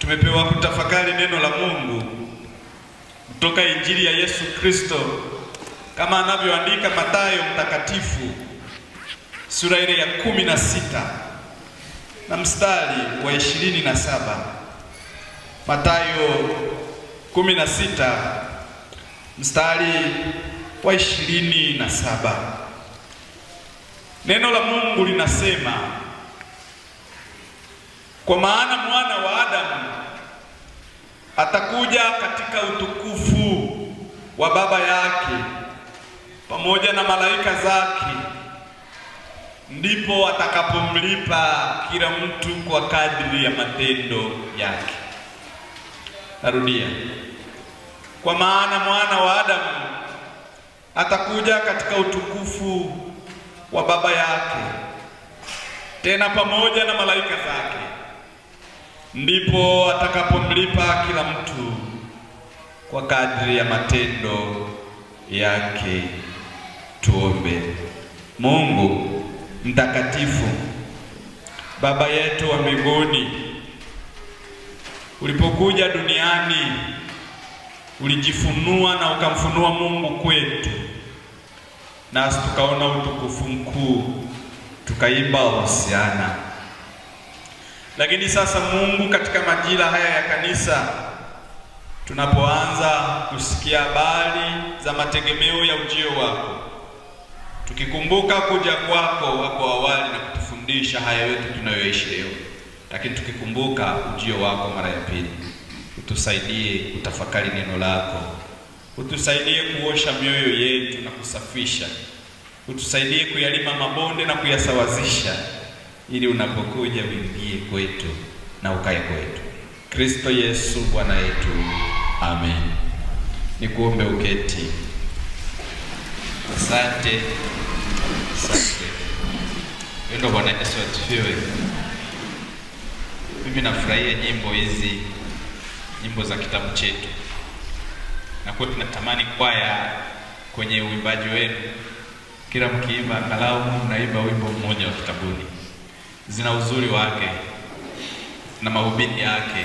tumepewa kutafakari neno la Mungu kutoka Injili ya Yesu Kristo kama anavyoandika Mathayo mtakatifu sura ile ya kumi na sita na mstari wa ishirini na saba. Mathayo kumi na sita mstari wa ishirini na saba. Neno la Mungu linasema kwa maana mwana wa Adamu atakuja katika utukufu wa Baba yake pamoja na malaika zake, ndipo atakapomlipa kila mtu kwa kadri ya matendo yake. Narudia, kwa maana mwana wa Adamu atakuja katika utukufu wa Baba yake tena pamoja na malaika zake ndipo atakapomlipa kila mtu kwa kadri ya matendo yake. Tuombe. Mungu mtakatifu, Baba yetu wa mbinguni, ulipokuja duniani ulijifunua na ukamfunua Mungu kwetu, nasi tukaona utukufu mkuu, tukaimba Hosiana. Lakini sasa Mungu, katika majira haya ya kanisa, tunapoanza kusikia habari za mategemeo ya ujio wako, tukikumbuka kuja kwako hapo awali na kutufundisha haya yote tunayoishi leo, lakini tukikumbuka ujio wako mara ya pili, utusaidie kutafakari neno lako, utusaidie kuosha mioyo yetu na kusafisha, utusaidie kuyalima mabonde na kuyasawazisha ili unapokuja uingie kwetu na ukae kwetu. Kristo Yesu Bwana wetu amen. Nikuombe uketi. Asante, asante wendo. Bwana Yesu atufiwe. Mimi nafurahia nyimbo hizi, nyimbo za kitabu chetu, na kwa tunatamani kwaya kwenye uimbaji wenu, kila mkiimba angalau mnaimba wimbo mmoja wa kitabuni zina uzuri wake na mahubiri yake.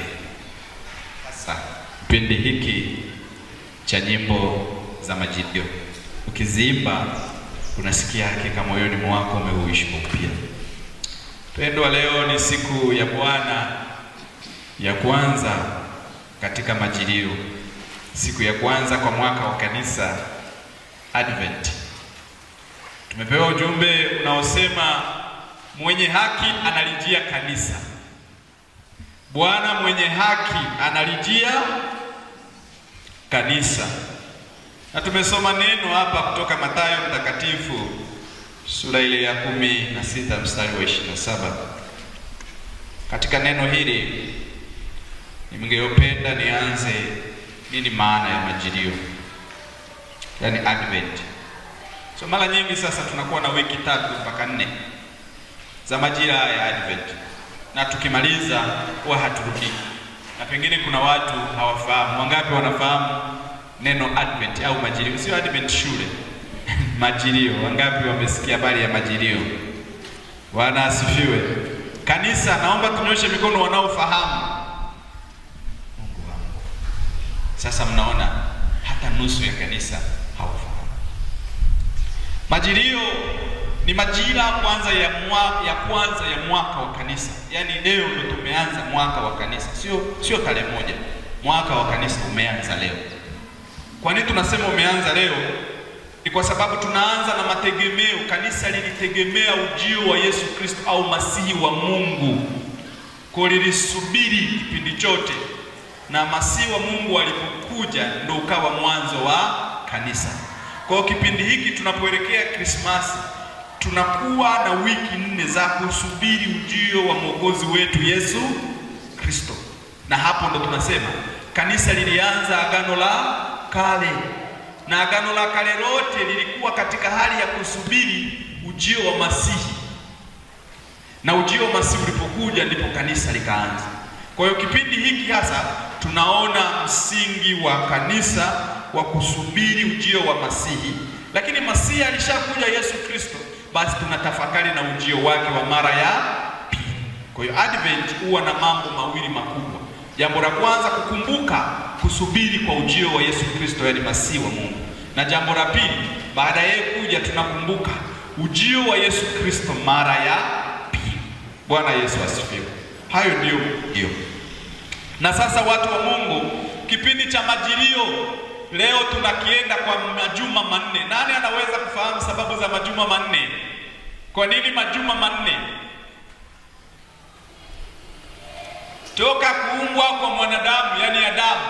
hasa kipindi hiki cha nyimbo za majidio ukiziimba unasikia hakika moyoni mwako umeuishi upya. Pendwa, leo ni siku ya Bwana ya kwanza katika majilio, siku ya kwanza kwa mwaka wa kanisa Advent. Tumepewa ujumbe unaosema mwenye haki analijia kanisa. Bwana mwenye haki analijia kanisa. Na tumesoma neno hapa kutoka Mathayo mtakatifu sura ile ya kumi na sita mstari wa ishirini na saba. Katika neno hili ningeopenda nianze nini maana ya majilio, yaani Advent. So mara nyingi sasa tunakuwa na wiki tatu mpaka nne za majira ya Advent, na tukimaliza huwa haturudi. Na pengine kuna watu hawafahamu. Wangapi wanafahamu neno Advent au majilio? Sio Advent shule majilio. Wangapi wamesikia habari ya majilio? Bwana asifiwe. Kanisa, naomba tunyoshe mikono wanaofahamu. Mungu wangu, sasa mnaona hata nusu ya kanisa hawafahamu majilio. Ni majira kwanza ya mwa, ya kwanza ya mwaka wa kanisa, yaani leo ndio tumeanza mwaka wa kanisa, sio sio tarehe moja. Mwaka wa kanisa umeanza leo. Kwa nini tunasema umeanza leo? Ni kwa sababu tunaanza na mategemeo. Kanisa lilitegemea ujio wa Yesu Kristo au masihi wa Mungu, kwa lilisubiri kipindi chote, na masihi wa Mungu alipokuja ndio ukawa mwanzo wa kanisa. Kwa kipindi hiki tunapoelekea Krismasi tunakuwa na wiki nne za kusubiri ujio wa mwokozi wetu Yesu Kristo, na hapo ndo tunasema kanisa lilianza agano la kale, na agano la kale lote lilikuwa katika hali ya kusubiri ujio wa Masihi, na ujio wa Masihi ulipokuja ndipo kanisa likaanza. Kwa hiyo kipindi hiki hasa tunaona msingi wa kanisa wa kusubiri ujio wa Masihi, lakini Masihi alishakuja Yesu Kristo basi tunatafakari na ujio wake wa mara ya pili. Kwa hiyo Advent huwa na mambo mawili makubwa. Jambo la kwanza kukumbuka kusubiri kwa ujio wa Yesu Kristo, yaani masihi wa Mungu, na jambo la pili, baada yeye kuja, tunakumbuka ujio wa Yesu Kristo mara ya pili. Bwana Yesu asifiwe. Hayo ndiyo hiyo. Na sasa, watu wa Mungu, kipindi cha majilio Leo tunakienda kwa majuma manne. Nani anaweza kufahamu sababu za majuma manne? Kwa nini majuma manne? Toka kuumbwa kwa mwanadamu, yaani Adamu,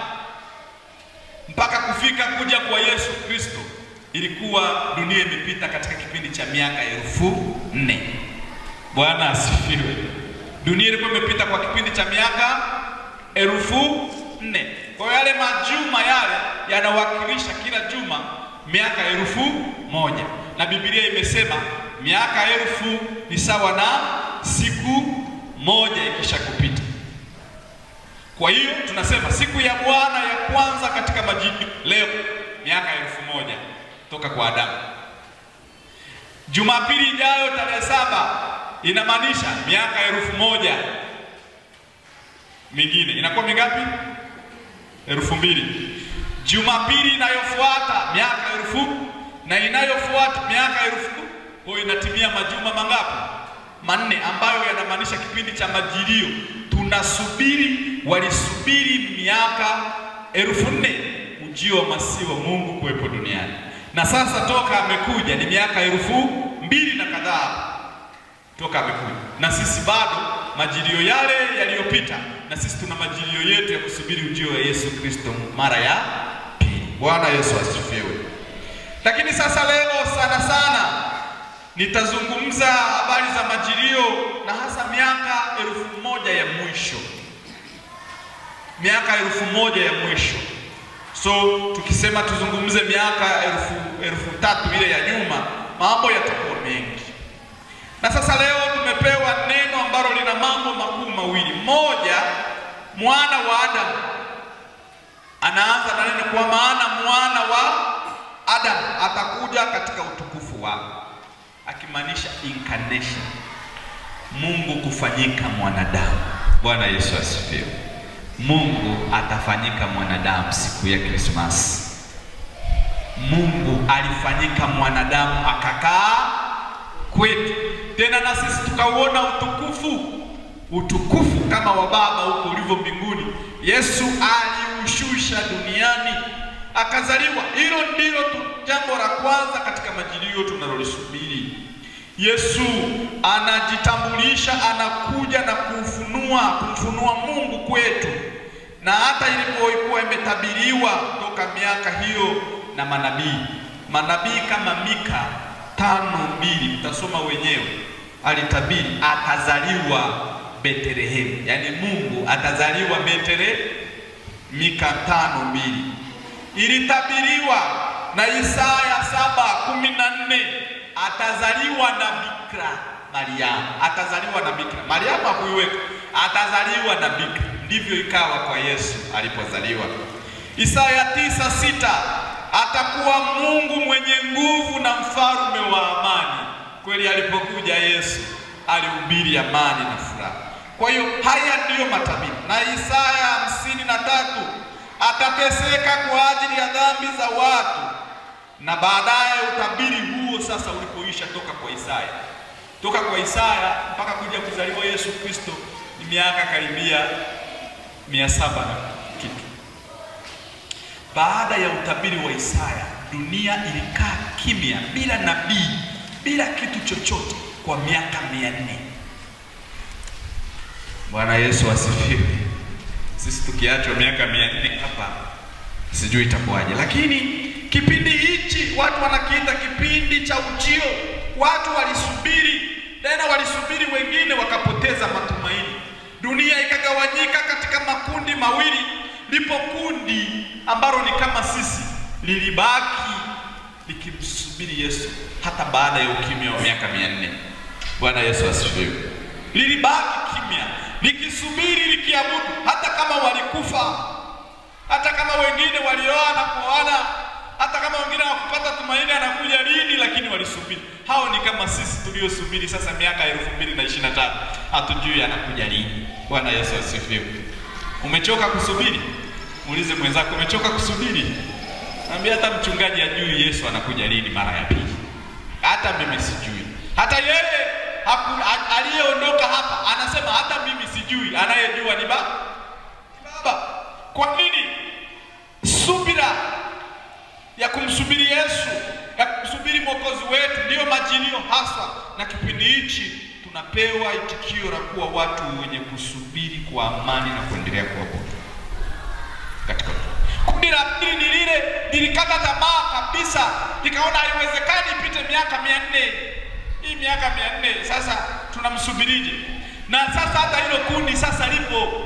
mpaka kufika kuja kwa Yesu Kristo, ilikuwa dunia imepita katika kipindi cha miaka elfu nne. Bwana asifiwe. Dunia ilikuwa imepita kwa kipindi cha miaka elfu nne. Kwa yale majuma yale yanawakilisha kila juma miaka elfu moja na Biblia imesema miaka elfu ni sawa na siku moja ikisha kupita. Kwa hiyo tunasema siku ya Bwana ya kwanza katika majini leo miaka elfu moja toka kwa Adamu. Jumapili ijayo tarehe saba inamaanisha miaka elfu moja mingine inakuwa mingapi? elfu mbili Jumapili inayofuata miaka elfu na inayofuata miaka elfu kwa inatimia majuma mangapi? Manne, ambayo yanamaanisha kipindi cha majilio. Tunasubiri, walisubiri miaka elfu nne ujio wa masihi wa Mungu kuwepo duniani, na sasa toka amekuja ni miaka elfu mbili na kadhaa toka amekuja, na sisi bado majilio yale yaliyopita na sisi tuna majilio yetu ya kusubiri ujio wa Yesu Kristo mara ya pili. Bwana Yesu asifiwe. Lakini sasa leo sana sana nitazungumza habari za majilio na hasa miaka elfu moja ya mwisho, miaka elfu moja ya mwisho. So tukisema tuzungumze miaka elfu, elfu tatu ile ya nyuma, mambo yatakuwa mengi na sasa leo mmoja mwana wa Adamu. Anaanza na neno kwa maana mwana wa Adamu atakuja katika utukufu wake, akimaanisha incarnation, Mungu kufanyika mwanadamu. Bwana Yesu asifiwe. Mungu atafanyika mwanadamu siku ya Krismasi. Mungu alifanyika mwanadamu akakaa kwetu, tena na sisi tukauona utukufu utukufu kama wa Baba huko ulivyo mbinguni, Yesu aliushusha duniani akazaliwa. Hilo ndilo jambo la kwanza katika majilio tunalolisubiri. Yesu anajitambulisha, anakuja na kufunua kumfunua Mungu kwetu, na hata ilipoikuwa imetabiriwa toka miaka hiyo na manabii manabii kama Mika tano mbili, mtasoma wenyewe, alitabiri atazaliwa Betlehemu, yaani Mungu atazaliwa Betlehemu, Mika tano mbili ilitabiriwa na Isaya saba kumi na nne atazaliwa na bikira Mariamu, atazaliwa na bikira Mariamu akuiweka atazaliwa na bikira. Ndivyo ikawa kwa Yesu alipozaliwa. Isaya tisa sita atakuwa Mungu mwenye nguvu na mfalme wa amani. Kweli alipokuja Yesu alihubiri amani na furaha. Kwa hiyo haya ndiyo matabiri na Isaya hamsini na tatu, atateseka kwa ajili ya dhambi za watu. Na baadaye utabiri huo sasa ulipoisha toka kwa Isaya, toka kwa Isaya mpaka kuja kuzaliwa Yesu Kristo ni miaka karibia mia saba na kitu. Baada ya utabiri wa Isaya, dunia ilikaa kimya bila nabii, bila kitu chochote kwa miaka mia nne. Bwana Yesu asifiwe. Sisi tukiachwa miaka mia nne hapa sijui itakuwaje, lakini kipindi hichi watu wanakiita kipindi cha ujio. Watu walisubiri tena, walisubiri wengine wakapoteza matumaini. Dunia ikagawanyika katika makundi mawili. Lipo kundi ambalo ni kama sisi, lilibaki likimsubiri Yesu hata baada ya ukimya wa miaka mia nne. Bwana Yesu asifiwe. Lilibaki kimya likisubiri likiabudu, hata kama walikufa, hata kama wengine walioa na kuoana, hata kama wengine hawakupata tumaini anakuja lini, lakini walisubiri. Hao ni kama sisi tuliosubiri sasa miaka elfu mbili na ishirini na tano hatujui anakuja lini. Bwana Yesu asifiwe. Umechoka kusubiri? Muulize mwenzako, umechoka kusubiri? Naambia hata mchungaji ajui Yesu anakuja lini mara ya pili, hata mimi sijui, hata yeye aliyeondoka hapa anasema hata mimi sijui, anayejua ni baba. Kwa nini subira ya kumsubiri Yesu, ya kumsubiri mwokozi wetu ndiyo majinio hasa, na kipindi hichi tunapewa itikio la kuwa watu wenye kusubiri kwa amani na kuendelea kuabudu katika kundi la pili ni lile nilikata tamaa kabisa, nikaona haiwezekani ipite miaka mia nne hii miaka mia nne sasa tunamsubirije? Na sasa hata hilo kundi sasa lipo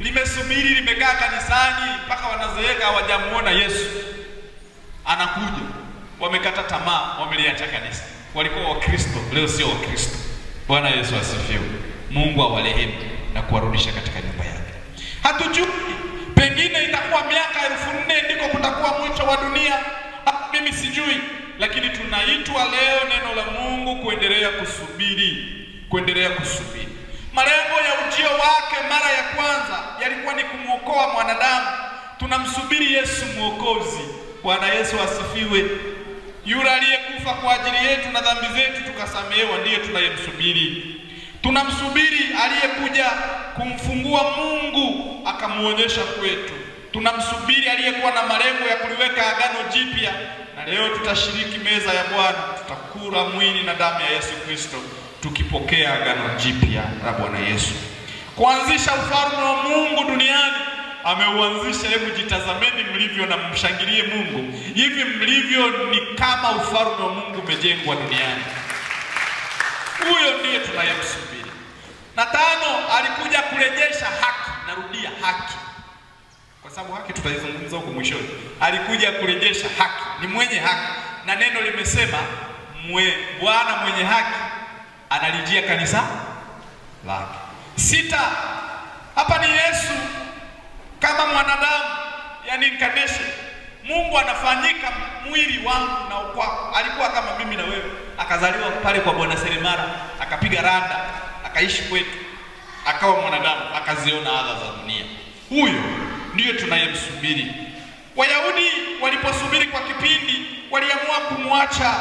limesubiri, limekaa kanisani mpaka wanazeeka, hawajamuona Yesu anakuja. Wamekata tamaa, wameliacha kanisa. Walikuwa Wakristo, leo sio Wakristo. Bwana Yesu asifiwe. Mungu awalehemu na kuwarudisha katika nyumba yake. Hatujui, pengine itakuwa miaka elfu nne ndiko kutakuwa mwisho wa dunia. Mimi sijui lakini tunaitwa leo neno la Mungu kuendelea kusubiri, kuendelea kusubiri. Malengo ya ujio wake mara ya kwanza yalikuwa ni kumwokoa mwanadamu. Tunamsubiri Yesu Mwokozi. Bwana Yesu asifiwe. Yule aliyekufa kwa ajili yetu na dhambi zetu tukasamehewa, ndiye tunayemsubiri. Tunamsubiri aliyekuja kumfungua Mungu akamuonyesha kwetu. Tunamsubiri aliyekuwa na malengo ya kuliweka agano jipya na leo tutashiriki meza ya Bwana, tutakula mwili na damu ya Yesu Kristo tukipokea agano jipya la Bwana Yesu. Kuanzisha ufalme wa Mungu duniani ameuanzisha. Hebu jitazameni mlivyo na mshangilie Mungu. Hivi mlivyo ni kama ufalme wa Mungu umejengwa duniani. Huyo ndiye tunayemsubiri. Na tano, alikuja kurejesha haki. Narudia, haki kwa sababu haki tutaizungumza huko mwishoni. Alikuja kurejesha haki, ni mwenye haki, na neno limesema mwe Bwana mwenye haki analijia kanisa lake. Sita, hapa ni Yesu kama mwanadamu, yani incarnation. Mungu anafanyika mwili wangu na ukwako. Alikuwa kama mimi na wewe, akazaliwa pale kwa Bwana Seremara, akapiga randa, akaishi kwetu, akawa mwanadamu, akaziona adha za dunia. Huyo ndiyo tunayemsubiri. Wayahudi waliposubiri kwa kipindi, waliamua kumwacha,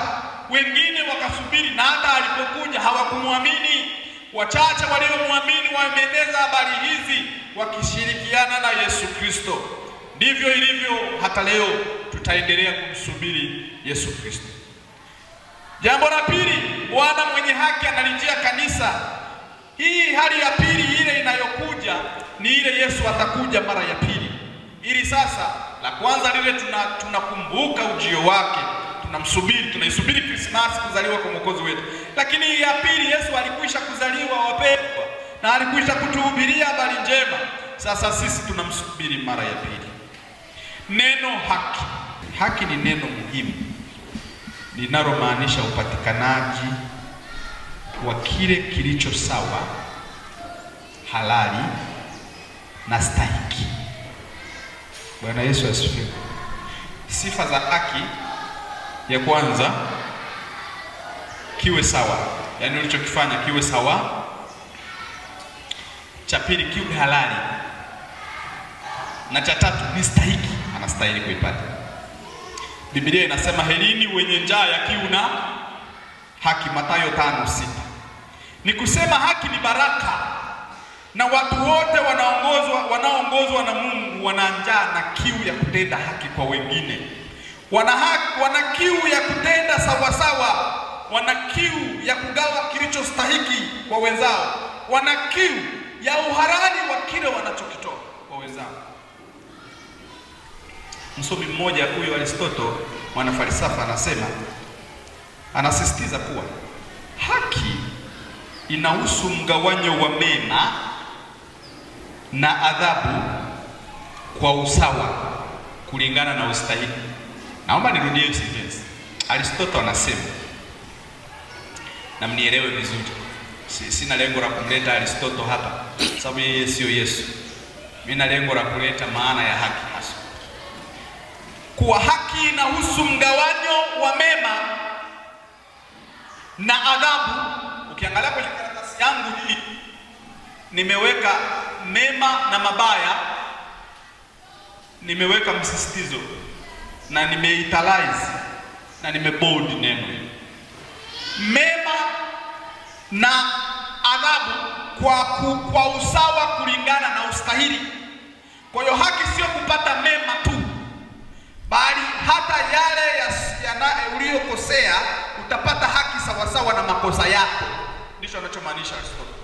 wengine wakasubiri, na hata alipokuja hawakumwamini. Wachache waliomwamini wameeneza habari hizi wakishirikiana na Yesu Kristo. Ndivyo ilivyo hata leo, tutaendelea kumsubiri Yesu Kristo. Jambo la pili, Bwana mwenye haki analijia kanisa. Hii hali ya pili, ile inayokuja ni ile Yesu atakuja mara ya pili ili sasa, la kwanza lile tunakumbuka tuna ujio wake, tunamsubiri, tunaisubiri Krismasi, kuzaliwa kwa mwokozi wetu. Lakini ya pili, Yesu alikwisha kuzaliwa wapendwa, na alikwisha kutuhubiria habari njema. Sasa sisi tunamsubiri mara ya pili. Neno haki, haki ni neno muhimu linalomaanisha upatikanaji wa kile kilicho sawa, halali na stahiki. Bwana Yesu asifiwe. Sifa za haki ya kwanza, kiwe sawa, yaani ulichokifanya kiwe sawa. Cha pili, kiwe halali, na cha tatu ni stahiki, anastahili kuipata. Biblia inasema helini wenye njaa ya kiu na haki, Mathayo tano sita. Ni kusema haki ni baraka, na watu wote wanaongozwa wanaongozwa na wana njaa na kiu ya kutenda haki kwa wengine, wana haki, wana kiu ya kutenda sawasawa, wana kiu ya kugawa stahiki kwa wenzao, wana kiu ya uharani wa kile wanachokitoa kwa wenzao. Msomi mmoja huyo Aristoto, mwanafalsafa, anasema anasisitiza kuwa haki inahusu mgawanyo wa mema na adhabu kwa usawa kulingana na ustahili. Naomba nirudie hiyo sentence. Aristotle anasema, na mnielewe vizuri, sina lengo la kumleta Aristotle hapa, sababu yeye sio Yesu. Mimi na lengo la kuleta maana ya haki hasa, kuwa haki inahusu mgawanyo wa mema na adhabu. Ukiangalia kwenye karatasi yangu hii nimeweka mema na mabaya nimeweka msisitizo na nimeitalize na nimebold neno mema na adhabu kwa, kwa usawa kulingana na ustahili. Kwa hiyo haki sio kupata mema tu, bali hata yale ya uliyokosea utapata haki sawasawa na makosa yako, ndicho anachomaanisha Aristotle.